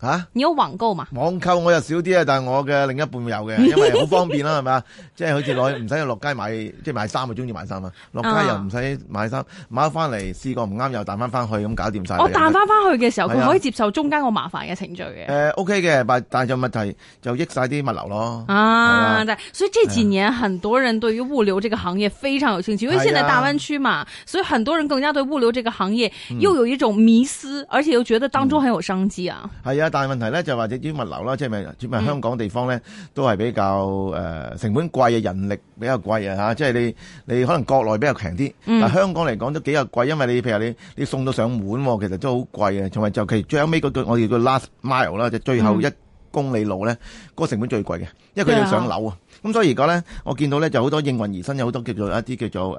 吓，你有網購嘛？網購我又少啲啊，但係我嘅另一半有嘅，因為好方便啦，係咪啊？即係好似攞，唔使落街買，即係買衫啊，中意買衫啊，落街又唔使買衫，買返翻嚟試過唔啱又彈翻翻去，咁搞掂晒。我彈翻翻去嘅時候，佢可以接受中間個麻煩嘅程序嘅。誒，OK 嘅，但但係就問題就益晒啲物流咯。啊，所以這幾年很多人對於物流這個行業非常有興趣，因為現在大灣區嘛，所以很多人更加對物流這個行業又有一種迷思，而且又覺得當中很有商機啊。係啊。但係問題咧就話啲啲物流啦，即係咪主要係香港地方咧都係比較誒成本貴啊，人力比較貴啊嚇，即係你你可能國內比較平啲，但係香港嚟講都幾誒貴，因為你譬如你你送到上門，其實都好貴啊，同埋尤其最後尾嗰句我哋叫 last mile 啦，就最後一公里路咧，嗰個成本最貴嘅，因為佢要上樓啊。咁、嗯、所以而家咧，我見到咧就好多應運而生，有好多叫做一啲、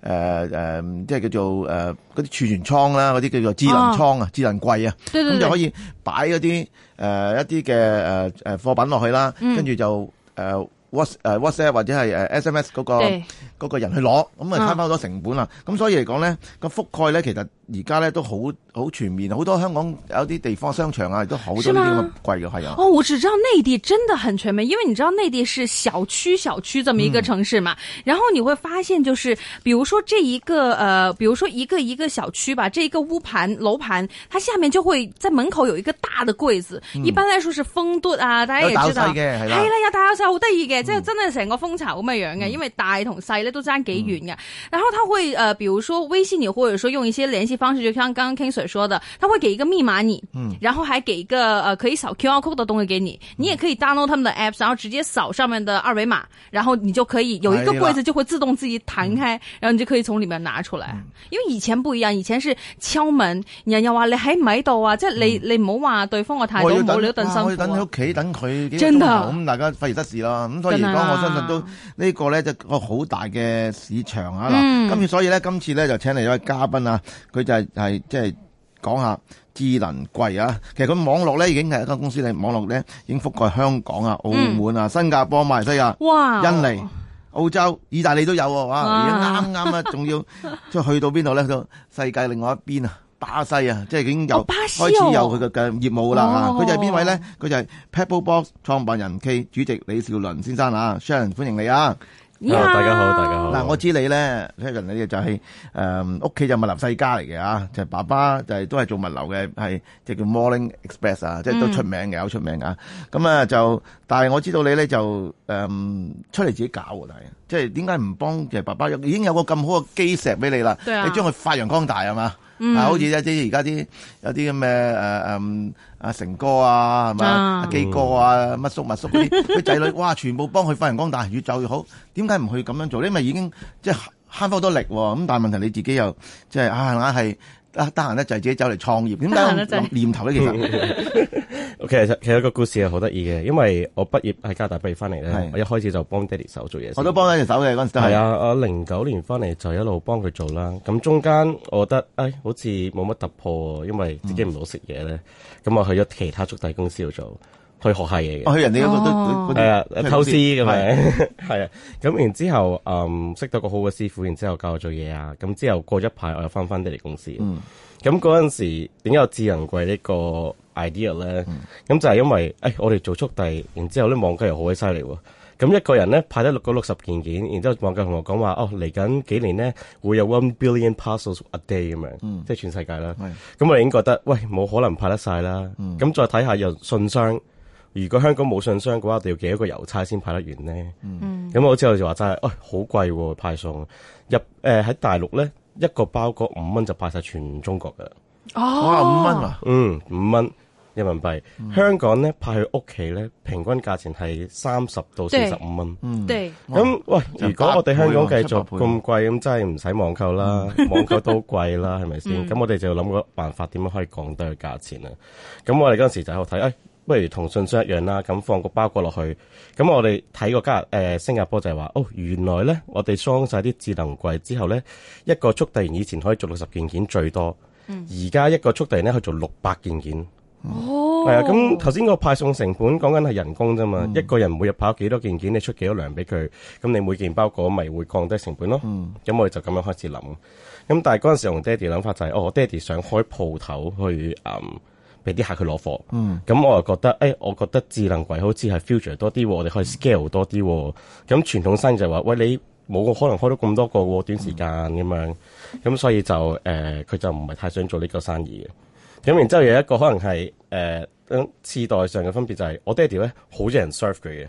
呃呃、叫做誒誒即係叫做誒嗰啲儲存倉啦，嗰啲叫做智能倉啊、哦、智能櫃啊，咁就可以擺嗰啲誒一啲嘅誒誒貨品落去啦，跟住、嗯、就誒、呃、WhatsApp WhatsApp 或者係 SMS 嗰、嗰個嗰對個人去攞，咁啊慳翻好多成本啦咁、哦嗯、所以嚟講咧，個覆蓋咧其實。而家呢都好好全面，好多香港有啲地方商場啊，都好多呢啲咁貴嘅係啊！哦，我只知道內地真的很全面，因為你知道內地是小區小區這麼一個城市嘛。嗯、然後你會發現就是，比如說這一個呃，比如說一個一個小區吧，這一個屋盤樓盤，它下面就會在門口有一個大的櫃子。嗯、一般來說是風度啊，大家也知道，係啦，又大家好得意嘅，即係、嗯、真係成個蜂巢咁嘅樣嘅，嗯、因為大同細咧都爭幾遠嘅。嗯、然後它會呃，比如說微信，你或者說用一些聯繫。方式就像剛剛 Kingsir 說的，他會給一個密碼你，然後還給一個呃可以掃 Q R code 的東西給你，你也可以 download 他們的 apps，然後直接掃上面的二維碼，然後你就可以有一個櫃子就會自動自己彈開，然後你就可以從裏面拿出來。因為以前不一樣，以前是敲門，人又話你喺唔喺度啊，即係你你唔好話對方嘅態度冇咗等陣先，我等喺屋企等佢，真噶，咁大家費而得事啦。咁所以講我相信都呢個咧就一個好大嘅市場啊，咁所以今次就請嚟一位嘉賓啊，就係即係講下智能櫃啊！其實佢網絡咧已經係一間公司，嚟，網絡咧已經覆蓋香港啊、澳門啊、嗯、新加坡、馬來西亞、哇印尼、澳洲、意大利都有啊。哇！而家啱啱啊，仲要即係去到邊度咧？去到 世界另外一邊啊，巴西啊，即係已經有、哦、巴開始有佢嘅嘅業務啦、啊！佢、哦、就係邊位咧？佢就係 Pakpobox 創辦人 K、主席李兆倫先生啊，啊，Sharon 歡迎你啊！大家好，大家好。嗱、啊，我知道你咧，聽人你就係誒屋企就物流世家嚟嘅啊，就係、爸爸就係、係、都係做物流嘅，係即叫 Morning Express 啊，即、就、係、係、都出名嘅，好、嗯、出名嘅。咁、嗯、啊就，但係我知道你咧就誒、嗯、出嚟自己搞喎，係即係點解唔幫？就係、係、爸爸已經有個咁好嘅基石俾你啦，啊、你將佢發揚光大係嘛？嗯、啊！好似一啲而家啲有啲咁嘅誒誒，阿成哥啊，係嘛？阿、啊啊、基哥啊，乜叔乜叔啲啲，仔、嗯、女哇，全部幫佢發揚光大，越做越好。點解唔去咁樣做呢？因為已經即係慳翻好多力喎。咁但係問題你自己又即係啊，係。啊、得得閒咧就係自己走嚟創業，點解？係諗念頭咧其實， okay，其實其實個故事係好得意嘅，因為我畢業喺加拿大畢業翻嚟咧，的我一開始就幫爹哋手做嘢，我都幫一隻手嘅嗰陣，係啊，我零九年翻嚟就一路幫佢做啦。咁中間我覺得誒、哎、好似冇乜突破，因為自己唔好食嘢咧，咁、嗯、我去咗其他速遞公司度做。去學下嘢嘅，去、哦、人哋嗰度都係、哦、來啊的偷師咁樣，係啊。咁然之後，嗯，識到個好嘅師傅，然之後教我做嘢啊。咁之後過一排，我又翻翻啲嚟公司。咁嗰陣時點解有智能櫃呢個 idea 呢？咁、嗯、就係因為，誒、哎，我哋做速遞，然之後咧網購又好鬼犀利喎。咁一個人呢，派得六個六十件件，然之後網購同我講話，哦，嚟緊幾年呢，會有 one billion parcels a day 咁樣、嗯，即係全世界啦。咁的我已經覺得，喂，冇可能派得晒啦。咁、嗯、再睇下又信箱。如果香港冇信箱嘅話，我哋要幾多個郵差先派得完呢？咁我之後就話真係，喂，好貴喎派送入誒喺大陸咧，一個包裹五蚊就派晒全中國噶啦。哇，五蚊啊，嗯，五蚊人民幣。香港咧派去屋企咧，平均價錢係三十到四十五蚊。嗯，對。咁喂，如果我哋香港繼續咁貴，咁真係唔使網購啦，網購都貴啦，係咪先？咁我哋就諗個辦法，點樣可以降低個價錢啊？咁我哋嗰陣時就喺度睇，誒。不如同信箱一樣啦，咁放個包裹落去，咁我哋睇過加誒、呃、新加坡就係話，哦，原來咧我哋裝晒啲智能櫃之後咧，一個速遞員以前可以做六十件件最多，而家，嗯、一個速遞員咧去做六百件件。哦、嗯，係啊，咁頭先個派送成本講緊係人工啫嘛，嗯、一個人每日跑幾多件件，你出幾多糧俾佢，咁你每件包裹咪會降低成本咯。咁，嗯、我哋就咁樣開始諗，咁但係嗰陣時同爹哋諗法就係、是，哦，爹哋想開鋪頭去，嗯俾啲客佢攞貨，咁、嗯、我又覺得，誒、哎，我覺得智能櫃好似係 future 多啲，我哋可以 scale 多啲，咁傳統生意就係話，喂，你冇可能開到咁多個喎，短時間咁樣，咁所以就誒，佢、呃、就唔係太想做呢個生意嘅。咁然之後有一個可能係誒、呃，次代上嘅分別就係、是，我爹哋咧好多人 serve 佢嘅。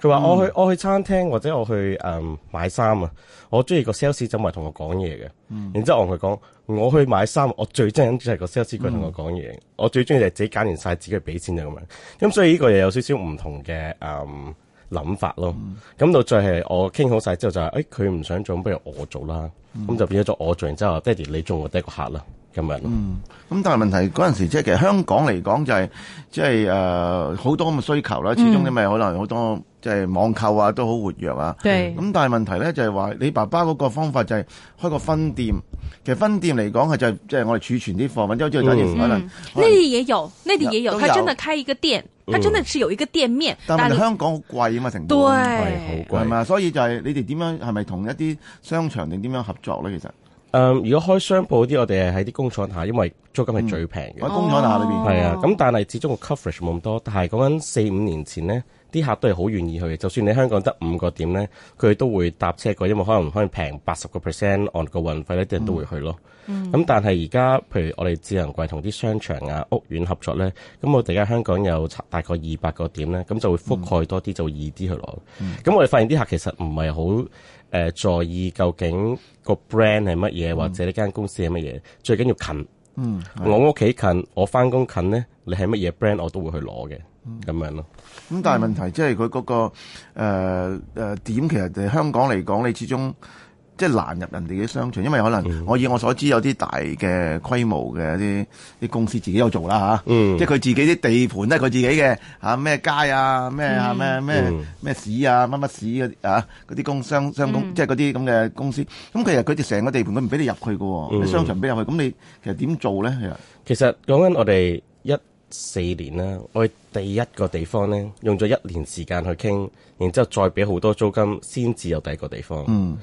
佢話，嗯、我去我去餐廳或者我去誒、嗯、買衫啊，我中意個 sales 走埋同我講嘢嘅，嗯、然之後我同佢講，我去買衫，我最憎係個 sales 佢同我講嘢，嗯、我最中意就係自己揀完晒自己去俾錢就咁樣，咁、嗯、所以呢個又有少少唔同嘅誒諗法咯，咁、嗯、到最尾我傾好晒之後就係、是，誒佢唔想做，不如我做啦，咁、嗯、就變咗做我做，然之後爸爸爹哋你做我第一個客啦。今日嗯，咁但係問題嗰陣時，即係其實香港嚟講就係、是，即係誒好多咁嘅需求啦。始終你咪可能好多即係網購啊，都好活躍啊。對、嗯，咁但係問題咧就係話，你爸爸嗰個方法就係開個分店。其實分店嚟講係就係即係我哋儲存啲貨，反正最重要就係可能呢啲嘢有，呢啲嘢有，佢真係開一個店，佢、嗯、真係是有一個店面。但係香港好貴啊嘛，成本對，對吧好貴貴嘛。所以就係、是、你哋點樣係咪同一啲商場定點樣合作咧？其實。誒、嗯，如果開商鋪嗰啲，我哋係喺啲工廠下，因為租金係最平嘅，喺、嗯、工廠下裏面。係啊，咁但係始終個 coverage 冇咁多，但係講緊四五年前咧。啲客都係好願意去嘅。就算你香港得五個點咧，佢都會搭車過，因為可能可能平八十個 percent on 個運費咧，啲人都會去咯。咁、嗯、但係而家譬如我哋智能櫃同啲商場啊、屋苑合作咧，咁我哋而家香港有大概二百個點咧，咁就會覆蓋多啲，嗯、就會易啲去攞。咁、嗯、我哋發現啲客其實唔係好誒在意究竟個 brand 係乜嘢，嗯、或者呢間公司係乜嘢，最緊要近。嗯，我屋企近，我翻工近咧，你係乜嘢 brand 我都會去攞嘅。咁咪咯，咁但係問題即係佢嗰個誒誒、呃呃、點，其實喺香港嚟講，你始終即係難入人哋嘅商場，因為可能我以我所知有啲大嘅規模嘅一啲啲公司自己有做啦吓，啊嗯、即係佢自己啲地盤咧，佢自己嘅吓咩街啊咩吓咩咩咩市啊乜乜市啊嗰啲、啊、公商商公、嗯、即係嗰啲咁嘅公司，咁、嗯嗯、其實佢哋成個地盤佢唔俾你入去噶，喎、嗯，商場俾入去，咁你其實點做咧？其實講緊我哋一。四年啦，我哋第一個地方咧，用咗一年時間去傾，然之後再俾好多租金先至有第二個地方。咁、嗯、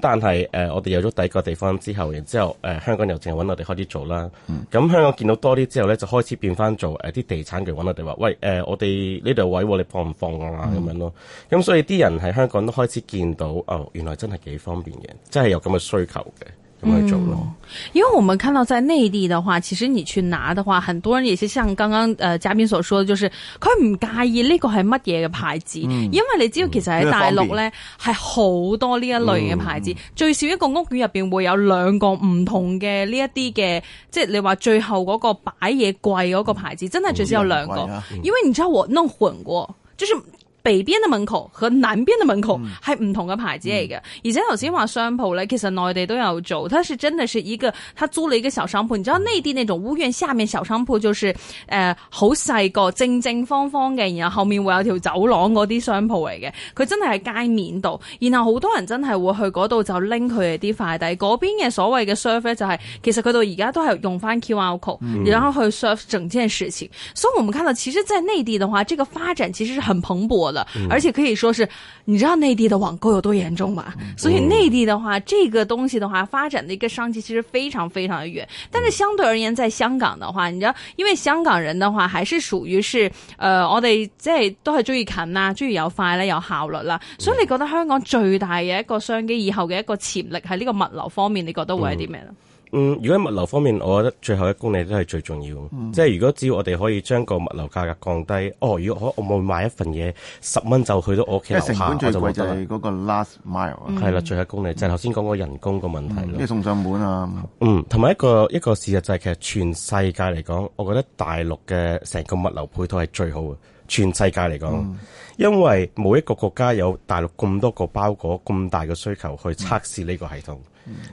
但係誒、呃，我哋有咗第二個地方之後，然後之後誒、呃、香港郵政搵我哋開始做啦。咁、嗯、香港見到多啲之後咧，就開始變翻做誒啲、呃、地產嘅搵我哋話，喂誒、呃、我哋呢度位你放唔放啊？咁、嗯、樣咯。咁、嗯、所以啲人喺香港都開始見到，哦原來真係幾方便嘅，真係有咁嘅需求嘅。唔係做咯，因為我們看到在內地的話，其實你去拿的話，很多人也是像剛剛，呃，嘉賓所說的，就是佢唔介意呢個係乜嘢嘅牌子。嗯、因為你知道其實喺大陸呢係好多呢一類嘅牌子，嗯、最少一個屋苑入邊會有兩個唔同嘅呢一啲嘅，即係你話最後嗰個擺嘢櫃嗰個牌子，真係最少有兩個，嗯嗯、因為你知道我 no 過，就算，是。北邊的門口和南邊的門口係唔同嘅牌子嚟嘅，嗯嗯、而且頭先話商鋪咧，其實內地都有做，它是真係是一個，他租了一個小商鋪，然之後內地那種屋苑下面小商鋪就是誒好細個正正方方嘅，然後後面會有條走廊啲商鋪嚟嘅，佢真係喺街面度，然後好多人真係會去嗰度就拎佢哋啲快遞，嗰邊嘅所謂嘅 service 就係、是、其實佢到而家都係用翻 QR code 然後去 service 整件事情，嗯、所以我們看到其實在內地嘅話，這個發展其實是很蓬勃的。嗯、而且可以說是，你知道內地的網購有多嚴重嘛？哦、所以內地的話，哦、這個東西的話，發展的一個商機其實非常非常的遠。但是相對而言，在香港的話，你知道，因為香港人的話，還是屬於是，呃，我哋即係都係中意近啦，中意要快啦，要效率啦。嗯、所以你覺得香港最大嘅一個商機，以後嘅一個潛力喺呢個物流方面，你覺得會係啲咩咧？嗯嗯，如果喺物流方面，我覺得最後一公里都係最重要。嗯、即係如果只要我哋可以將個物流價格降低，哦，如果我我冇買一份嘢，十蚊就去到我屋企樓下，就覺得。成本最貴就係嗰個 last mile、嗯。係啦，最後一公里，嗯、就係頭先講個人工個問題即係、嗯、送上門啊。嗯，同埋一個一個事實就係、是，其實全世界嚟講，我覺得大陸嘅成個物流配套係最好嘅。全世界嚟講，嗯、因為冇一個國家有大陸咁多個包裹，咁大嘅需求去測試呢個系統。嗯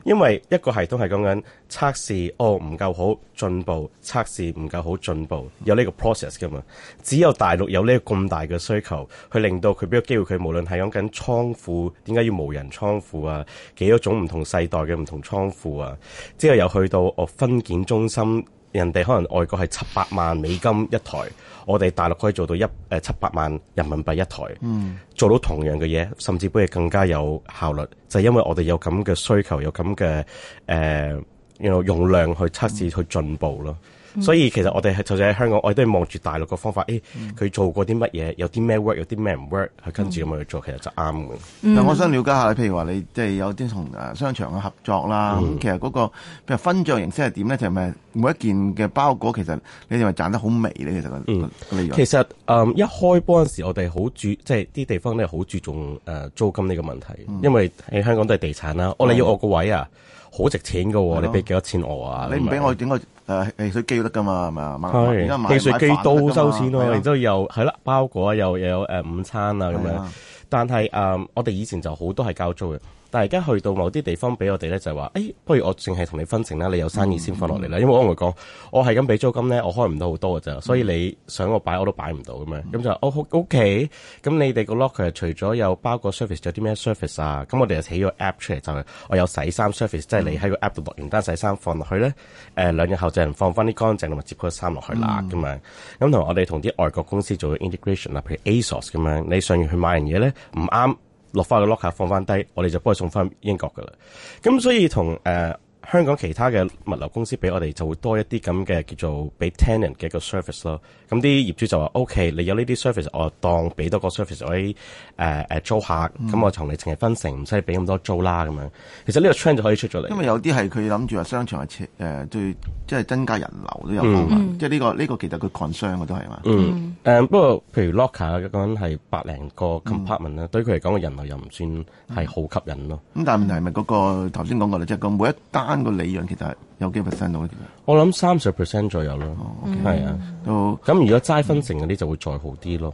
因為一個系統係講緊測試哦唔夠好進步，測試唔夠好進步，有呢個 process 噶嘛？只有大陸有呢個咁大嘅需求，去令到佢俾個機會？佢無論係講緊倉庫，點解要無人倉庫啊？幾多種唔同世代嘅唔同倉庫啊？之後又去到哦分揀中心。人哋可能外國係七百萬美金一台，我哋大陸可以做到一誒七百萬人民幣一台，嗯、做到同樣嘅嘢，甚至比佢更加有效率，就係、因為我哋有咁嘅需求，有咁嘅誒，有、呃、用量去測試、嗯、去進步咯。所以其實我哋係就住喺香港，我哋都係望住大陸個方法。誒、欸，佢做過啲乜嘢？有啲咩 work？有啲咩唔 work？係跟住咁樣去做，嗯、其實就啱嘅。嗯、我想了解下，譬如話你即係、就是、有啲同商場嘅合作啦。咁、嗯、其實嗰、那個譬如分帳形式係點咧？就係咪每一件嘅包裹其實你認為賺得好微咧？其實個、嗯、其實、嗯、一開波嗰陣時，我哋好注即係啲地方咧好注重誒租金呢個問題，嗯、因為喺香港都係地產啦。我、哦、哋要我個位啊！嗯好值錢嘅喎，的你俾幾多錢我啊？你唔俾我點解？誒、嗯，汽、呃、水都得㗎嘛，係咪啊？汽是水機都收錢咯，然之後又係啦，包裹啊，又又有誒、呃、午餐啊咁的樣。的但係誒、呃，我哋以前就好多係交租嘅。但係而家去到某啲地方俾我哋咧，就係、是、話，誒、哎，不如我淨係同你分成啦，你有生意先放落嚟啦。嗯嗯、因為我會講：「我係咁俾租金咧，我開唔到好多㗎咋。」所以你想我擺我都擺唔到咁嘛。咁、嗯、就，O K，咁你哋個 locker 除咗有包個 service，仲有啲咩 service 啊？咁我哋又起咗 app 出嚟，就係、是、我有洗衫 service，即係你喺個 app 度落完單洗衫放落去咧、嗯呃，兩日後就人放翻啲乾淨同埋摺好嘅衫落去啦咁樣。咁同、嗯、我哋同啲外國公司做 integration 譬如 ASOS 咁樣，你上月去買樣嘢咧唔啱。落翻個 locker 放翻低，我哋就幫佢送翻英國㗎啦。咁所以同誒。呃香港其他嘅物流公司俾我哋就會多一啲咁嘅叫做俾 tenant 嘅一個 service 咯。咁啲業主就話、嗯、：OK，你有呢啲 service，我當俾多個 service 我可以、呃、租客，咁我同你淨係分成，唔使俾咁多租啦咁樣。其實呢個 trend 就可以出咗嚟。因為有啲係佢諗住話商場係誒，即、呃、係、就是、增加人流都有幫、嗯、即係、這、呢個呢、這個其實佢擴商嘅都係嘛。嗯不過譬如 locker 嘅講係百零個 c o m p a r t m e n t 呢，對佢嚟講嘅人流又唔算係好吸引咯。咁、嗯嗯、但係問題係咪嗰個頭先講過啦？即係個每一單。個利潤其實係有幾多 percent 到咧？我諗三十 percent 左右咯，係、oh, okay. 嗯、啊，哦都，咁如果齋分成嗰啲就會再好啲咯。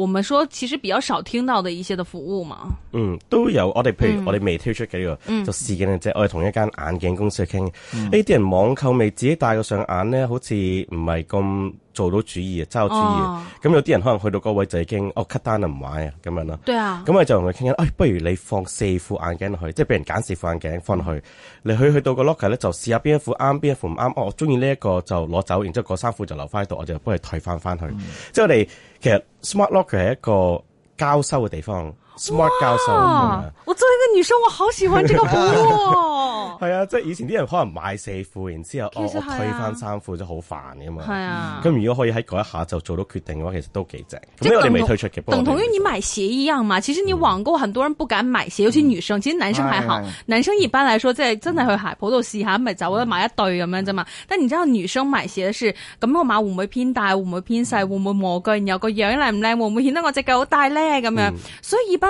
我們說其實比較少聽到的一些的服務嘛，嗯，都有。我哋譬如我哋未推出嘅呢、這個，嗯、就試緊，即係我哋同一間眼鏡公司去傾，呢啲、嗯、人網購未自己戴過上眼咧，好似唔係咁。做到主意啊，揸到主意咁、oh. 有啲人可能去到嗰位就已經，哦、oh, cut down 唔玩啊，咁樣啦。啊 Yeah.。咁我就同佢傾緊，誒，不如你放四副眼鏡去，即係俾人揀四副眼鏡放落去。你去去到個 locker 咧，就試下邊一副啱，邊一副唔啱。哦，我中意呢一個就攞走，然之後嗰三副就留翻喺度，我就幫你退翻翻去。Mm. 即係我哋其實 smart locker 係一個交收嘅地方。Smart 哇教授我作為一個女生，我好喜歡這個服務，啊。係 啊，即係以前啲人可能買四褲，然之後、哦、我退翻三褲，就好煩嘅嘛。係啊、嗯，咁、嗯、如果可以喺嗰一下就做到決定嘅話，其實都幾正。即因我哋未推出嘅。等同於你買鞋一樣嘛，其實你網購很多人不敢買鞋，嗯、尤其女生。其實男生還好，哎、呀男生一般嚟說，即係真係去鞋鋪度試下，咪走啦買一對咁樣啫嘛。但你知道女生買鞋是咁個碼，會唔會偏大，會唔會偏細，會唔會磨腳，然後個樣靚唔靚，會唔會顯得我隻腳好大咧咁樣。所以一般。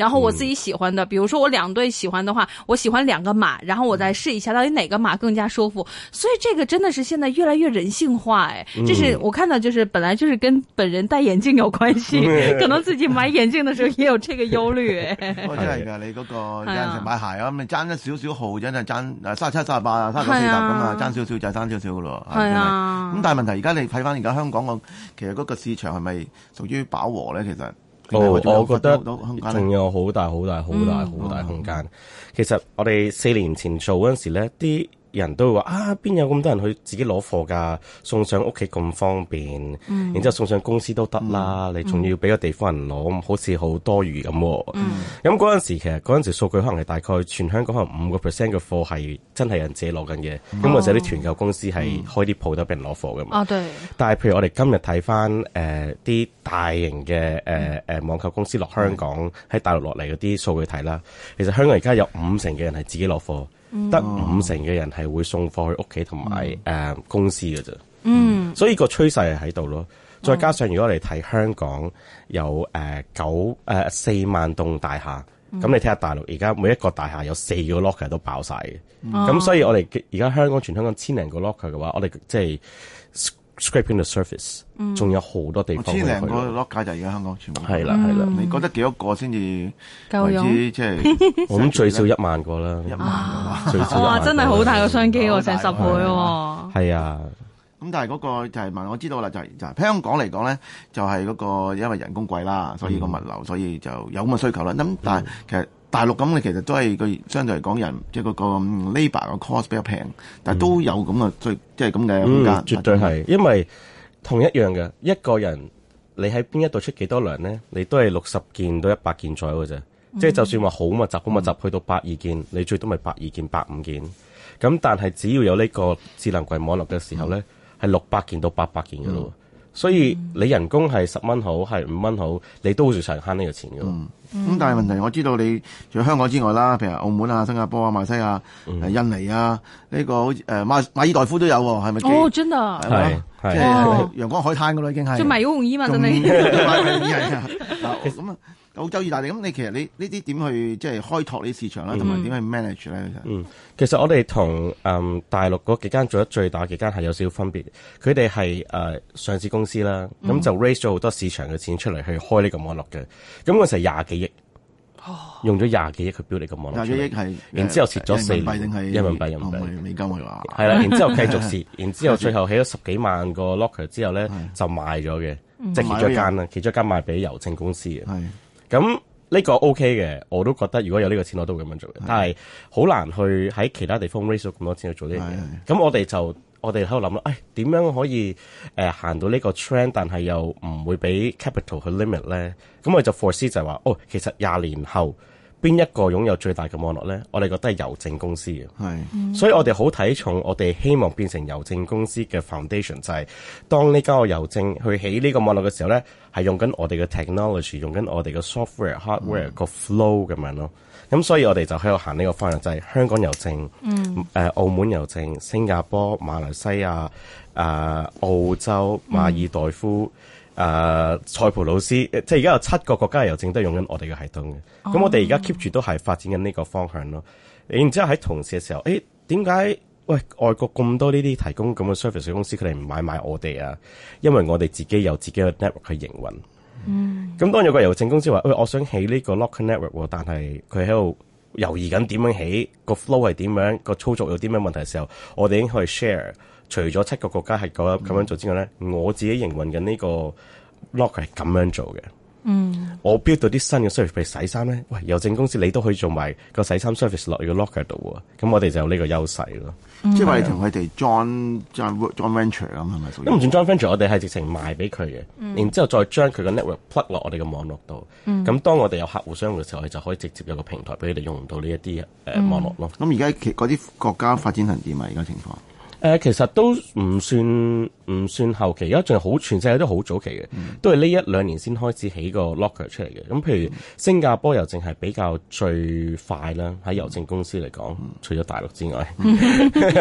然後我自己喜歡的，比如說我兩對喜歡的話，我喜歡兩個碼，然後我再試一下到底哪個碼更加舒服。所以這個真的是現在越來越人性化哎，就是我看到就是本來就是跟本人戴眼鏡有關係，可能自己買眼鏡的時候也有這個憂慮哎。好，下一個你嗰個，有陣時買鞋啊，咁你爭一少少號，真係爭，三十七、三十八、三九、四十咁啊，爭、啊啊、少少就爭少少噶咯，係咪、啊？咁、嗯、但係問題，而家你睇翻而家香港個，其實嗰個市場係咪屬於飽和呢？其實。Oh，我還我覺得仲有好大好大好大好大，嗯、空間。其實我哋四年前做嗰時咧，啲。人都會話啊，邊有咁多人去自己攞貨㗎？送上屋企咁方便，嗯、然之後送上公司都得啦。嗯、你仲要俾個地方人攞，好似好多餘咁。咁嗰陣時，其實嗰陣時數據可能係大概全香港可能五個 percent 嘅貨係真係人自己攞緊嘅。咁或者啲團購公司係開啲鋪頭俾人攞貨嘅嘛。啊，對。但係譬如我哋今日睇翻誒啲大型嘅誒誒網購公司落香港喺、嗯、大陸落嚟嗰啲數據睇啦，其實香港而家有五成嘅人係自己攞貨。得五成嘅人係會送貨去屋企同埋誒公司嘅啫，嗯、所以個趨勢係喺度咯。再加上如果你睇香港有誒、呃、九誒、呃、四萬棟大廈，咁、嗯、你睇下大陸而家每一個大廈有四個 locker 都爆晒嘅，咁、嗯、所以我哋而家香港全香港千零個 locker 嘅話，我哋即係。scraping the surface，仲有好多地方。千零個 lock 架就而家香港全部。係啦係啦，你覺得幾多個先至夠用？即係我諗最少一萬個啦。一萬，哇！真係好大個商機喎，成十倍喎。係啊，咁但係嗰個就係問，我知道啦，就係就係香港嚟講咧，就係嗰個因為人工貴啦，所以個物流，所以就有咁嘅需求啦。咁但係其實。大陸咁你其實都係個相對嚟講人，即、就、係、是、個個 labour 個 cost 比較平，但係都有咁嘅最即係咁嘅空間、嗯，絕對係是因為同一樣嘅一個人，你喺邊一度出幾多糧咧？你都係六十件到一百件左右嘅啫。即係、嗯、就算話好密集，好、嗯、密集，去到百二件，你最多咪百二件、百五件咁。但係只要有呢個智能櫃網絡嘅時候咧，係六百件到八百件嘅咯。嗯所以你人工係十蚊好，係五蚊好，你都好似成日慳呢個錢嘅。咁、嗯嗯嗯、但係問題，我知道你除咗香港之外啦，譬如澳門啊、新加坡啊、馬來西亞、嗯呃、印尼啊，呢、這個好似誒、呃、馬馬爾代夫都有喎、啊，係咪？哦，真啊！係嗎，即係、哦、陽光海灘噶啦，已經係。著埋泳衣嘛？真係。咁啊。澳洲、意大利咁，你其實你呢啲點去即係開拓呢啲市場啦，同埋點去 manage 咧？其實，我哋同嗯大陸嗰幾間做得最大嘅間係有少少分別，佢哋係誒上市公司啦，咁就 raise 咗好多市場嘅錢出嚟去開呢個網絡嘅，咁嗰時廿幾億，用咗廿幾億去標你個網絡，然之後蝕咗四年，定係人民幣人民幣美金嚟話，係啦，然之後繼續蝕，然之後最後起咗十幾萬個 locker 之後咧就賣咗嘅，即係結咗間啦，結咗間賣俾郵政公司嘅。咁呢個 OK 嘅，我都覺得如果有呢個錢，我都會咁樣做。嘅，是的 但係好難去喺其他地方 raise 咁多錢去做呢樣嘢。咁是的 我哋就我哋喺度諗啦，誒、哎、點樣可以誒行、呃、到個 nd, 呢個 trend，但係又唔會俾 capital 去 limit 咧？咁我哋就 force 就係話，哦，其實廿年後。邊一個擁有最大嘅網絡呢？我哋覺得係郵政公司嘅，是所以我哋好睇重，我哋希望變成郵政公司嘅 foundation，就係當呢間個郵政去起呢個網絡嘅時候呢，係用緊我哋嘅 technology，用緊我哋嘅 software、hardware 個 flow 咁樣咯。咁所以我哋就喺度行呢個方向，就係、是、香港郵政、嗯呃、澳門郵政、新加坡、馬來西亞、啊、呃、澳洲、馬爾代夫。嗯誒，塞浦路斯，即係而家有七個國家嘅郵政都用緊我哋嘅系統嘅，咁、哦、我哋而家 keep 住都係發展緊呢個方向咯。然之後喺同時嘅時候，誒點解？喂，外國咁多呢啲提供咁嘅 service 公司，佢哋唔買買我哋啊？因為我哋自己有自己嘅 network 去營運。咁、嗯、當有個郵政公司話，誒、欸，我想起呢個 locker network，但係佢喺度猶豫緊點樣起，個 flow 係點樣，個操作有啲咩問題嘅時候，我哋已經可以 share。除咗七個國家係咁樣咁樣做之外咧，嗯、我自己營運緊呢個 locker 係咁樣做嘅。嗯，我標到啲新嘅 service 譬如洗衫咧，喂，郵政公司你都可以做埋個洗衫 service 落個 locker 度喎。咁我哋就有呢個優勢咯。嗯，是啊、即係話你同佢哋 join join join venture 咁係咪，咁唔算 join venture，我哋係直情賣俾佢嘅，然之後再將佢個 network plug 落我哋嘅網絡度。咁、嗯、當我哋有客戶商戶嘅時候，我哋就可以直接有個平台俾佢哋用到呢一啲誒網絡咯。咁而家其嗰啲國家發展行點呀而家情況？誒、呃，其實都唔算唔算後期，而家仲係好全世界都好早期嘅，嗯、都係呢一兩年先開始起個 locker 出嚟嘅。咁譬如新加坡郵政係比較最快啦，喺郵政公司嚟講，嗯、除咗大陸之外，係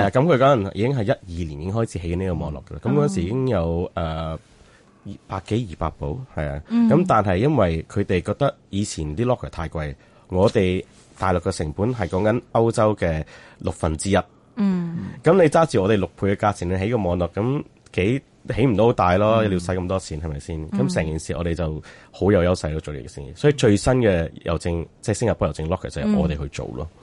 啊。咁佢嗰陣已經係一二年已經開始起呢個網絡㗎喇，咁嗰時已經有誒二、呃、百幾二百部係啊。咁、嗯、但係因為佢哋覺得以前啲 locker 太貴，我哋大陸嘅成本係講緊歐洲嘅六分之一。嗯，咁你揸住我哋六倍嘅價錢，你起個網絡，咁幾起唔到好大咯？嗯、你要使咁多錢，係咪先？咁成、嗯、件事我哋就好有優勢咯，做呢件事。所以最新嘅郵政即係新加坡郵政 locker 就係我哋去做咯。嗯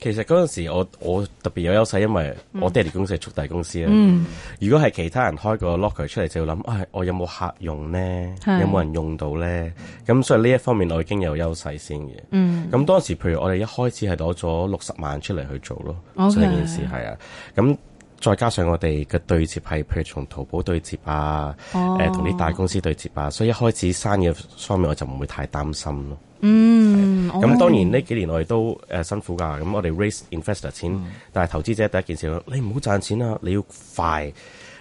其實嗰陣時我我特別有優勢，因為我爹哋公司係速遞公司啦。嗯嗯、如果係其他人開個 locker 出嚟，就要諗，哎，我有冇客用呢？是有冇人用到呢？咁所以呢一方面，我已經有優勢先嘅。咁、嗯、當時，譬如我哋一開始係攞咗六十萬出嚟去做咯，嗯、所以件事係啊。咁再加上我哋嘅對接係，譬如從淘寶對接啊，誒、哦，同啲、呃、大公司對接啊，所以一開始生意方面我就唔會太擔心咯。嗯。咁當然呢幾年我哋都誒辛苦㗎。咁我哋 raise investor 錢，嗯、但係投資者第一件事，你唔好賺錢啊！你要快。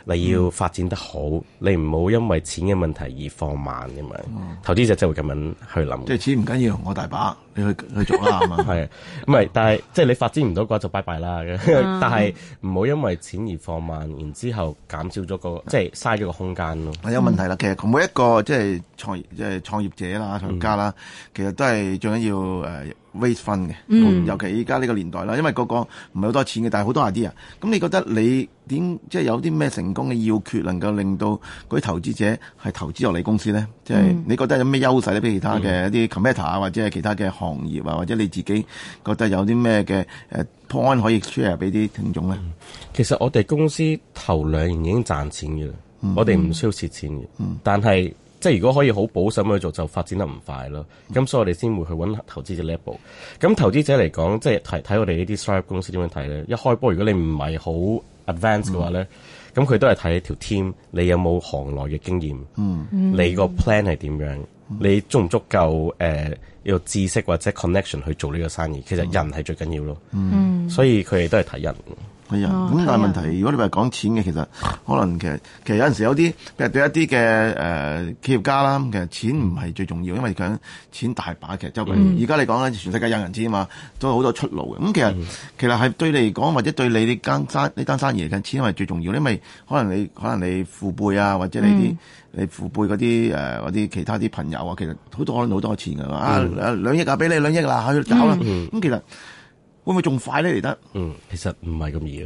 你要發展得好，嗯、你唔好因為錢嘅問題而放慢咁樣、嗯、投資者就會咁樣去諗，即係錢唔緊要，我大把，你去去做啦，係嘛？ 係，唔係？但係即係你發展唔到嘅話，就拜拜啦。嗯、但係唔好因為錢而放慢，然之後減少咗、嗰個即係嘥咗個空間咯。有問題啦，嗯、其實每一個即係創業即係創業者啦、創業家啦，嗯、其實都係最緊要，要、呃 raise fund 嘅，尤其依家呢個年代啦，嗯、因為個個唔係好多錢嘅，但係好多 idea。咁你覺得你點即係有啲咩成功嘅要訣，能夠令到嗰啲投資者係投資落你公司咧？即、就、係、是、你覺得有咩優勢咧，比如其他嘅一啲 competitor 啊，或者係其他嘅行業啊，或者你自己覺得有啲咩嘅誒 point 可以 share 俾啲聽眾咧、嗯？其實我哋公司頭兩年已經賺錢嘅啦，嗯、我哋唔需要蝕錢嘅，嗯嗯、但係。即係如果可以好保守咁去做，就發展得唔快咯。咁、嗯、所以我哋先會去揾投資者呢一步。咁投資者嚟講，即係睇睇我哋呢啲 startup 公司點樣睇咧。一開波，如果你唔係好 advanced 嘅話咧，咁佢、嗯、都係睇條 team，你有冇行內嘅經驗，嗯、你個 plan 係點樣，嗯、你足唔足夠誒要、呃、知識或者 connection 去做呢個生意。其實人係最緊要咯，嗯、所以佢哋都係睇人。係啊，咁、哎、但係問題，如果你話講錢嘅，其實可能其實其實有陣時候有啲，譬如對一啲嘅誒企業家啦，其實錢唔係最重要，因為佢錢大把，其實周圍，而家、嗯、你講緊，全世界有銀紙啊嘛，都有好多出路嘅。咁、嗯嗯、其實其實係對你嚟講，或者對你哋間生呢間生意嚟緊錢係最重要，因為可能你可能你父輩啊，或者你啲、嗯、你父輩嗰啲誒嗰啲其他啲朋友啊，其實好多可能好多錢嘛、嗯、啊兩億啊，俾你兩億啦、啊，去搞啦。咁其實。嗯嗯嗯會唔會仲快咧，嚟得？嗯，其實唔係咁易。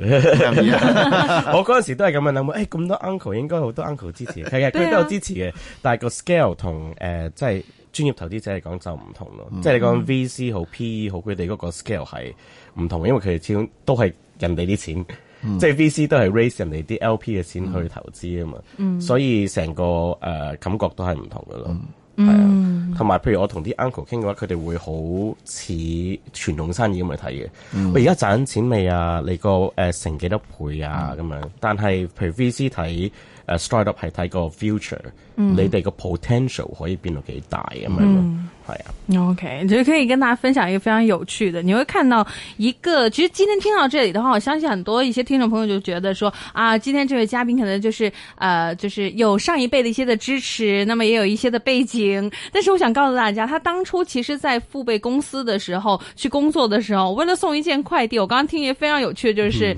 我嗰陣時都係咁樣諗，誒、哎，咁多 uncle 應該好多 uncle 支持。係啊，佢都有支持嘅。 對啊、但係個 scale 同誒，即係專業投資者嚟講就唔同咯。即係你講 VC 好、PE 好，佢哋嗰個 scale 係唔同，因為佢哋始終都係人哋啲錢。即係 VC 都係 raise 人哋啲 LP 嘅錢去投資啊嘛。嗯、所以成個誒、呃、感覺都係唔同噶咯。嗯係啊，同埋、嗯、譬如我同啲 uncle 傾嘅話，佢哋會好似傳統生意咁嚟睇嘅。我而家賺錢未啊？你個誒成幾多倍啊？咁、嗯、樣。但係譬如 VC 睇。呃 start up 係睇個 future，嗯、你哋個 potential 可以變到幾大咁樣咯，係啊、嗯。Uh, OK，其實可以跟大家分享一個非常有趣的。你會看到一個，其實今天聽到這裡的話，我相信很多一些聽眾朋友就覺得說，啊，今天這位嘉賓可能就是，呃，就是有上一輩的一些的支持，那麼也有一些的背景。但是我想告訴大家，他當初其實，在父輩公司的時候去工作的時候，我為了送一件快遞，我剛剛聽一個非常有趣，就是。嗯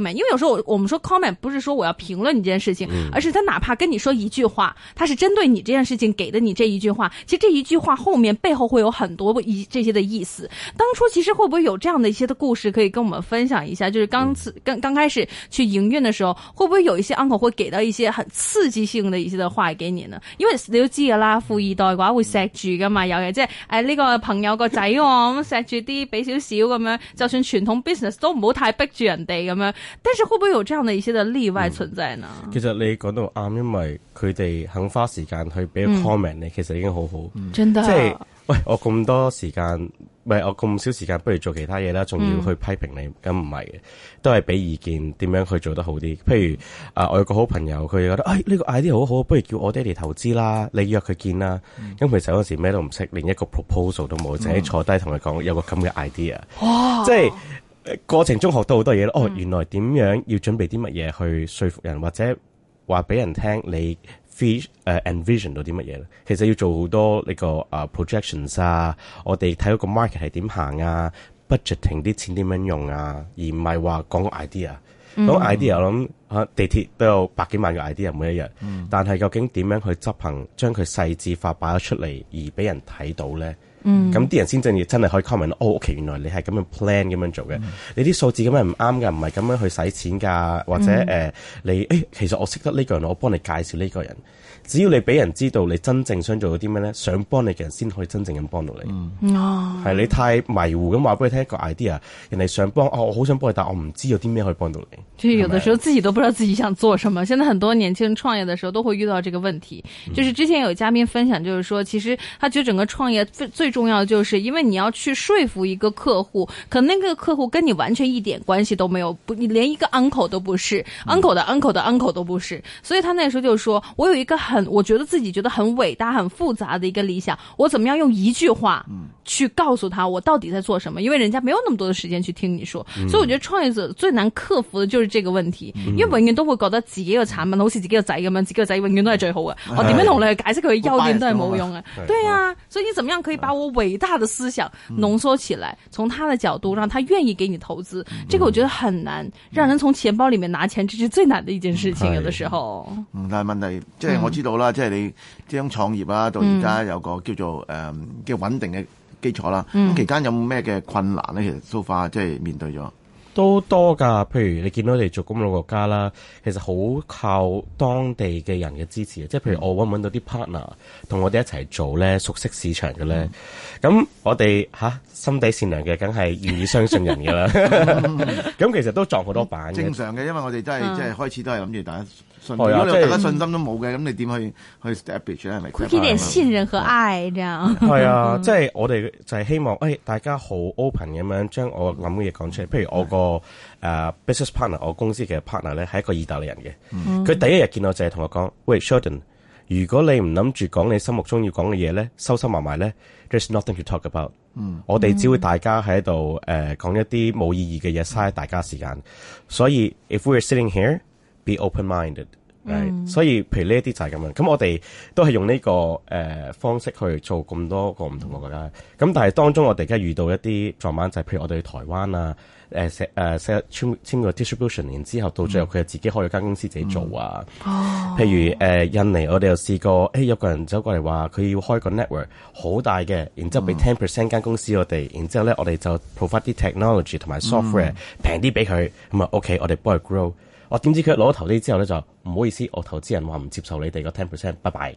因為有時候我我們說 comment 不是說我要評論你這件事情，而是他哪怕跟你說一句話，他是針對你這件事情給的你這一句話，其實這一句話後面背後會有很多一這些的意思。當初其實會不會有這樣的一些的故事可以跟我們分享一下？就是剛次剛剛開始去營運的時候，會不會有一些 uncle 會給到一些很刺激性的一些的話給你呢？因為記得啦，富二代話會錫住嘛，有人即係哎，呢個朋友個仔咁錫住啲，俾少少咁樣，就算傳統 business 都唔好太逼住人哋咁樣。但是會不會有這樣的一些的例外存在呢？嗯、其實你講到啱，因為佢哋肯花時間去俾 comment 你，嗯、其實已經好好、嗯。真嘅即係喂，我咁多時間，唔係我咁少時間，不如做其他嘢啦，仲要去批評你，咁唔係嘅，都係俾意見，點樣去做得好啲？譬如啊，呃、我有個好朋友，佢覺得哎呢、呢個 idea 好好，不如叫我爹哋投資啦，你約佢見啦。咁、嗯、其實嗰時咩都唔識，連一個 proposal 都冇，就喺、嗯、坐低同佢講有個咁嘅 idea，即係。過程中學到好多嘢咯，哦，原來點樣要準備啲乜嘢去說服人，或者話俾人聽你 fish、uh, 誒 envision 到啲乜嘢咧？其實要做好多呢個、uh, projections 啊，我哋睇嗰個 market 係點行啊，budgeting 啲錢點樣用啊，而唔係話講個 idea、嗯嗯 ide。咁 idea 我諗吓地鐵都有百幾萬嘅 idea 每一日，嗯、但係究竟點樣去執行，將佢細緻化擺出嚟，而俾人睇到咧？嗯，咁啲人先正要真係可以 comment，哦，屋企原來你係咁樣 plan 咁樣做嘅，嗯、你啲數字咁樣唔啱噶，唔係咁樣去使錢噶，或者誒、嗯呃，你誒、欸，其實我識得呢個人，我幫你介紹呢個人，只要你俾人知道你真正想做啲咩咧？想幫你嘅人先可以真正咁幫到你。哦、嗯，係、嗯、你太迷糊咁話俾你聽一個 idea，人哋想幫，哦，我好想幫你，但我唔知有啲咩可以幫到你。就有的時候自己都不知道自己想做什麼，是是現在很多年輕人創業的時候都會遇到這個問題。就是之前有嘉賓分享，就是說其實他覺得整個創業最最重要的就是因為你要去說服一個客戶，可能那個客戶跟你完全一點關係都沒有，不，你連一個 uncle 都不是，嗯、uncle 的 uncle 的 uncle uncle 都不是，所以他那時候就說：“我有一個很，我覺得自己覺得很偉大、很複雜的一個理想，我怎麼樣用一句話去告訴他我到底在做什麼？嗯、因為人家沒有那麼多的時間去聽你說，嗯、所以我覺得創業者最難克服的就是這個問題。嗯、因為永遠都會搞到幾個茶殘嘛，好似自己個仔咁樣，自己個仔永遠都係最好噶，哎哦、裏面我點樣同你去解釋佢嘅優點都係冇用啊，對啊，所以你怎麼樣可以把我偉大的思想濃縮起來，嗯、從他的角度讓他願意給你投資，嗯、這個我覺得很難。嗯、讓人從錢包裏面拿錢，嗯、這是最難的一件事情。有的時候，是嗯，但係問題即係我知道啦，嗯、即係你將創業啊到而家有個叫做誒嘅、呃、穩定嘅基礎啦。咁期、嗯、間有冇咩嘅困難咧？其實蘇化即係面對咗。都多㗎，譬如你見到我哋做咁老國家啦，其實好靠當地嘅人嘅支持，即係譬如我搵唔搵到啲 partner 同我哋一齊做咧，熟悉市場嘅咧，咁、嗯、我哋吓、啊，心底善良嘅，梗係願意相信人嘅啦，咁、 嗯、 其實都撞好多板嘅，正常嘅，因為我哋真係即係開始都係諗住大家。大家信心都冇嘅，咁、啊就是、你點去去 establish 咧？係咪？佢俾啲信任和愛，這樣係、嗯、啊！ 即係我哋就係希望，誒、哎、大家好 open 咁樣將我諗嘅嘢講出嚟。譬如我個誒、uh, business partner，我公司嘅 partner 咧係一個意大利人嘅。佢、嗯、第一日見到就係、是、同我講： 喂 Sheldon 如果你唔諗住講你心目中要講嘅嘢咧，收收埋埋咧，there's nothing to talk about。嗯，我哋只會大家喺度誒講一啲冇意義嘅嘢，嘥大家時間。所以 if we're sitting here。be open minded，right? mm hmm. 所以譬如呢一啲就係咁樣。咁我哋都係用呢、這個誒、呃、方式去做咁多個唔同個國家。咁、mm hmm. 但係當中我哋而家遇到一啲撞板就係，譬如我哋去台灣啊，誒誒 set 個 distribution，然之後到最後佢又自己開咗間公司自己做啊。Mm hmm. 譬如誒、呃、印尼，我哋又試過，誒、欸、有個人走過嚟話佢要開個 network 好大嘅，然之後俾 ten percent 間公司我哋，然之後咧我哋就 provide 啲 technology 同埋 software 平啲俾佢，咁啊 OK，我哋幫佢 grow。我點知佢攞咗投資之後咧，就唔好意思，我投資人話唔接受你哋個 ten percent，拜拜。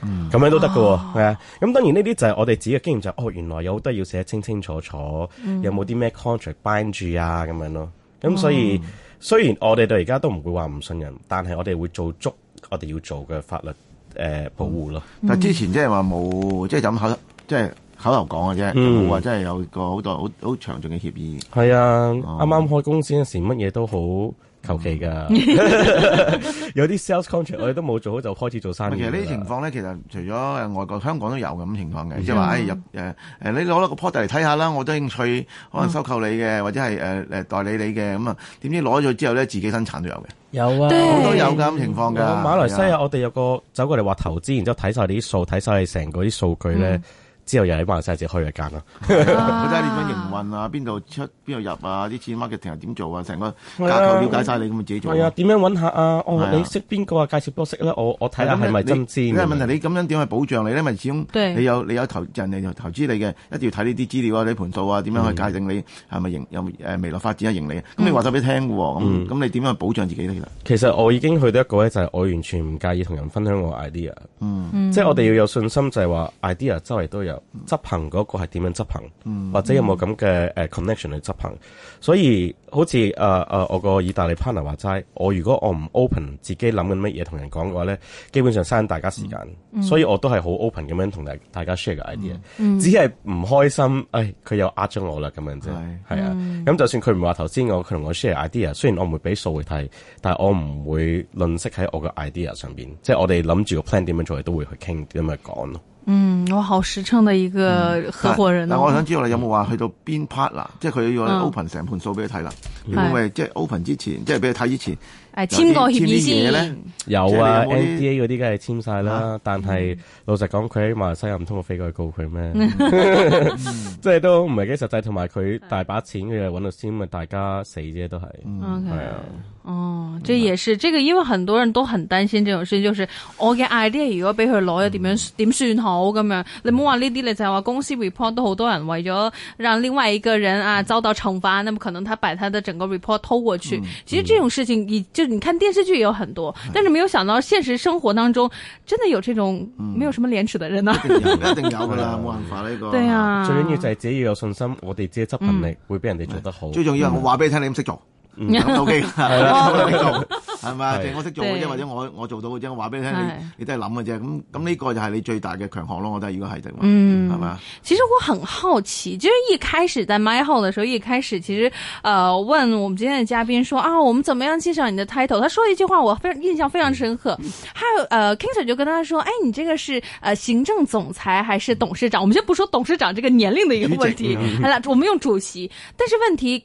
咁、嗯、樣都得㗎喎，係啊。咁當然呢啲就係我哋自己嘅經驗就是，哦原來有好多要寫清清楚楚，嗯、有冇啲咩 contract bind 住啊咁樣咯。咁所以、嗯、雖然我哋到而家都唔會話唔信任，但係我哋會做足我哋要做嘅法律誒、呃、保護咯。嗯嗯、但之前即係話冇，即係咁口，即、就、係、是、口頭講嘅啫，冇話、嗯、真係有個好多好好詳盡嘅協議。係啊，啱啱、嗯、開公司嗰時乜嘢都好。求其噶，嗯、 有啲 sales contract 我哋都冇做好，就開始做生意。其實呢啲情況咧，其實除咗誒外國香港都有咁情況嘅。即係話誒入誒誒、呃，你攞咗個 port 嚟睇下啦，我都興趣可能收購你嘅，嗯、或者係誒誒代理你嘅咁啊。點知攞咗之後咧，自己生產都有嘅，有啊，都有咁情況噶。嗯、馬來西亞、啊、我哋有個走過嚟話投資，然之後睇晒啲數，睇晒成個啲數據咧。嗯之後又喺灣仔自己開咗間啦。我睇下點樣營運啊？邊度出？邊度入啊？啲錢 marketing 係點做啊？成個架構了解晒你咁啊，自己做。係啊，點樣揾下啊？哦，你識邊個啊？介紹俾我識啦，我我睇下係咪真㗎。問題你咁樣點去保障你咧？咪始終你有你有投人哋投資你嘅，一定要睇呢啲資料啊、你盤數啊，點樣去界定你係咪盈有誒未來發展啊、盈利啊？咁你話曬俾聽喎，咁咁你點樣去保障自己咧？其實我已經去到一個咧，就係我完全唔介意同人分享我 idea。即係我哋要有信心，就係話 idea 周圍都有。執行嗰個係點樣執行，嗯、或者有冇咁嘅誒 connection 去執、嗯、行？所以好似誒誒，uh, uh, 我個意大利 partner 話齋，我如果我唔 open 自己諗緊乜嘢同人講嘅話咧，嗯、基本上嘥大家時間。嗯、所以我都係好 open 咁樣同大大家 share idea，嗯、只係唔開心，誒，佢又呃咗我啦咁樣啫。係是啊，咁、嗯、就算佢唔話頭先，我佢同我 share idea，雖然我唔會俾數佢睇，但係我唔會吝嗇喺我個 idea 上邊，嗯、即係我哋諗住個 plan 點樣做，都會去傾咁樣講咯。嗯，我好實誠嘅一個合伙人、啊嗯，但。但我想知道你有冇話去到邊 part 啦？嗯、即係佢要 open 成盤數俾你睇啦，有冇咪即係 open 之前，嗯、即係俾你睇之前。簽個協議先。有啊，NDA 嗰啲梗係簽晒啦。但係老實講，佢喺馬來西亞唔通我飛過去告佢咩？即係都唔係幾實際。同埋佢大把錢，嘅搵到先，咪大家死啫都係。係啊，哦，這也是，這個因為很多人都很擔心這種事，就是我嘅 idea 如果俾佢攞咗，點樣點算好咁樣？你冇話話呢啲，你就係話公司 report 都好多人為咗讓另外一個人啊遭到懲罰，那麼可能他擺他的整個 report 偷過去。其實這種事情，你看電視劇也有很多，但是沒有想到現實生活當中真的有這種沒有什麼廉恥的人呢、啊嗯？一定有，肯定有啦， 沒辦法呢個。對啊，最緊要就係自己要有信心，我哋自己執行力會比人哋做得好。最重要，係我話俾你聽，你唔識做。係我做，嗯嗯嗯、我識做嘅啫，或者我我做到嘅啫，我話俾你聽，你你都係諗嘅啫，咁咁呢個就係你最大嘅強項咯，我覺得如果係嘅話，嗯，係其實我很好奇，就是，一開始在麥後的時候，一開始其實，呃，問我們今天的嘉賓說，啊、哦，我們怎麼樣介紹你的 title？他說一句話，我非常印象非常深刻。嗯、還有，呃 Kingsir 就跟他說，哎，你這個是，呃，行政總裁還是董事長？我們先不說董事長這個年齡的一個問題，嗯、好啦，我們用主席，但是問題。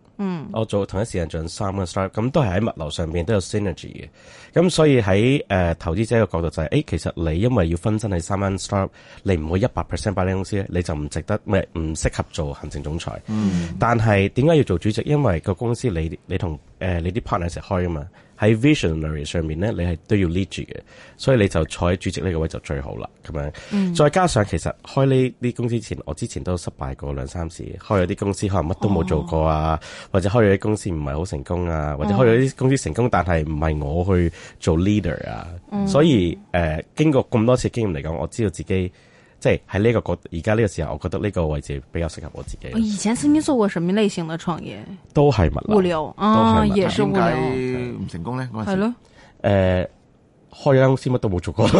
嗯，我做同一時間做三間 start-up 咁都係喺物流上面都有 synergy 嘅，咁所以喺誒、呃、投資者嘅角度就係、是，誒、欸、其實你因為要分身喺三間 start-up 你唔會一百 percent 擺喺公司咧，你就唔值得，咩？唔適合做行政總裁。嗯，但係點解要做主席？因為個公司你你同誒、呃、你啲 partner 一齊開噶嘛。喺 visionary 上面咧，你係都要 lead 住嘅，所以你就坐喺主席呢個位就最好啦。咁樣、嗯、再加上其實開呢啲公司前，我之前都失敗過兩三次，開咗啲公司可能乜都冇做過啊，哦、或者開咗啲公司唔係好成功啊，或者開咗啲公司成功，嗯、但係唔係我去做 leader 啊。嗯、所以誒、呃，經過咁多次的經驗嚟講，我知道自己。即係喺呢個國家，而家呢個時候，我覺得呢個位置比較適合我自己。我以前曾經做過什麼類型嘅創業？都係物流，聊都物流啊，也是物流。唔成功咧？係咯了，誒、呃，開間公司乜都冇做過。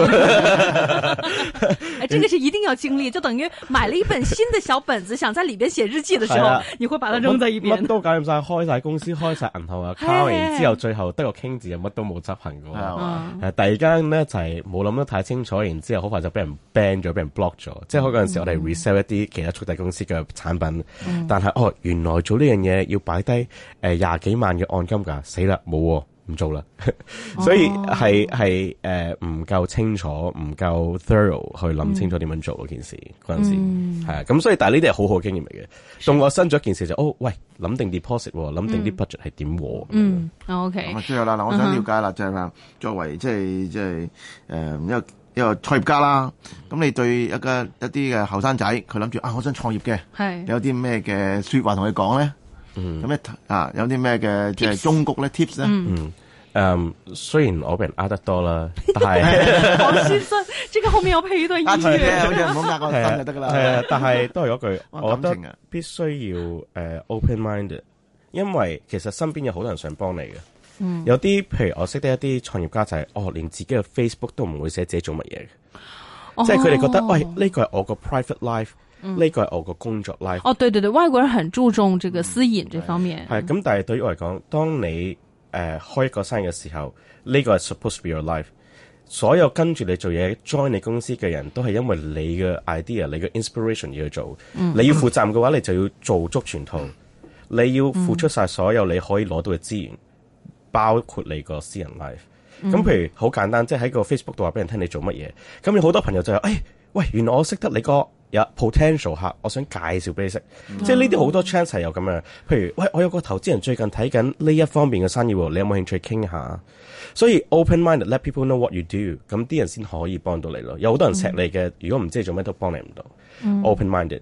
這個是一定要經歷，就等於買了一本新的小本子， 想在裏邊寫日記的時候，啊、你會把它扔在一邊。乜都搞掂晒，開晒公司，開晒銀行 後啊，敲，然之後最後得個傾字，又乜都冇執行過吧、嗯、第二間呢就係冇諗得太清楚，然之後好快就俾人 ban 咗，俾人 block 咗。嗯、即係嗰陣時我哋 resell 一啲其他速遞公司嘅產品，嗯、但係哦原來做呢樣嘢要擺低誒廿幾萬嘅按金噶，死啦冇。唔做啦，所以係係誒，唔夠清楚，唔夠 thorough 去諗清楚點樣做嗰件事嗰陣時係啊，咁所以但係呢啲係好好經驗嚟嘅。當我新咗一件事就是、哦，喂，諗定啲 deposit，諗定啲 budget 係點和嗯。嗯，O K。咁、哦、啊，okay, 最後啦，嗱，我想了解啦、uh huh 就是，就係話作為即係即係誒，一個一個創業家啦，咁你對一家一啲嘅後生仔，佢諗住啊，我想創業嘅，係是的 有啲咩嘅說話同佢講咧？嗯，有咩啊？有啲咩嘅即係忠告咧 tips 咧？嗯誒，雖然我俾人呃得多啦，但係我先信，即係後面有皮對耳嘅，冇夾過心就得噶啦。係啊，但係都係嗰句，我覺得必須要誒 open minded，因為其實身邊有好多人想幫你嘅。有啲譬如我識得一啲創業家就係，哦，連自己嘅 Facebook 都唔會寫自己做乜嘢嘅，即係佢哋覺得，喂，呢個係我個 private life。呢個係我個工作 life。嗯、哦，對對對，外國人很注重這個私隱這方面。係咁、嗯，但係對於我嚟講，當你誒、呃、開一個生意嘅時候，呢、這個係 supposed to be your life。所有跟住你做嘢 join 你公司嘅人都係因為你嘅 idea、你嘅 inspiration 要去做。嗯、你要負責任嘅話，你就要做足全套。嗯、你要付出晒所有你可以攞到嘅資源，嗯、包括你個私人 life。咁、嗯、譬如好簡單，即係喺個 Facebook 度話俾人聽你做乜嘢。咁有好多朋友就誒、哎，喂，原來我識得你個。有 potential 客，我想介紹俾你識，即係呢啲好多 chance 係有咁樣。譬如，喂，我有個投資人最近睇緊呢一方面嘅生意，你有冇興趣傾下？所以 open minded，let people know what you do，咁啲人先可以幫到你咯。有好多人錫你嘅，嗯、如果唔知係做咩都幫你唔到。嗯、open minded。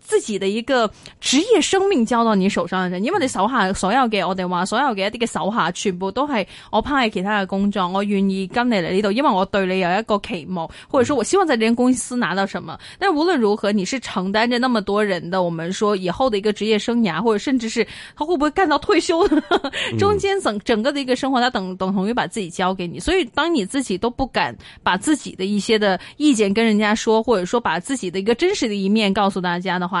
自己的一個職業生命交到你手上的人，因為你手下所有嘅我哋話，所有嘅一啲嘅手下，全部都係我派其他嘅工作，我願意跟你喺呢度，因為我對你有一個期望，或者說我希望在呢間公司拿到什麼。但無論如何，你是承擔着那麼多人的，我們說以後的一個職業生涯，或者甚至是他會不會幹到退休的， 中間整整個的一個生活，他等等同於把自己交給你。所以，當你自己都不敢把自己的一些的意見跟人家說，或者說把自己的一個真實的一面告訴大家的話，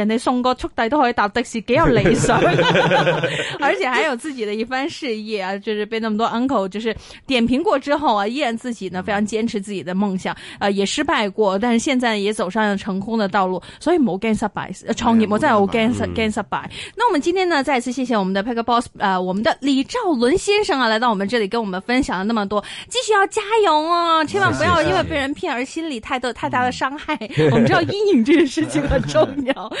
人哋送個速遞都可以搭的士，幾有理想，而且還有自己的一番事業啊！就是被那麼多 uncle 就是點評過之後啊，依然自己呢非常堅持自己的夢想，呃，也失敗過，但是現在也走上了成功的道路。所以冇 gain surprise，冇再冇 gain surprise。那我們今天呢，再次謝謝我們的 Pakpobox Boss，呃，我們的李兆倫先生啊，來到我們這裡跟我們分享了那麼多，繼續要加油啊、哦！千萬不要因為被人騙而心裡太多太大的傷害， 我們知道陰影這件事情很重要。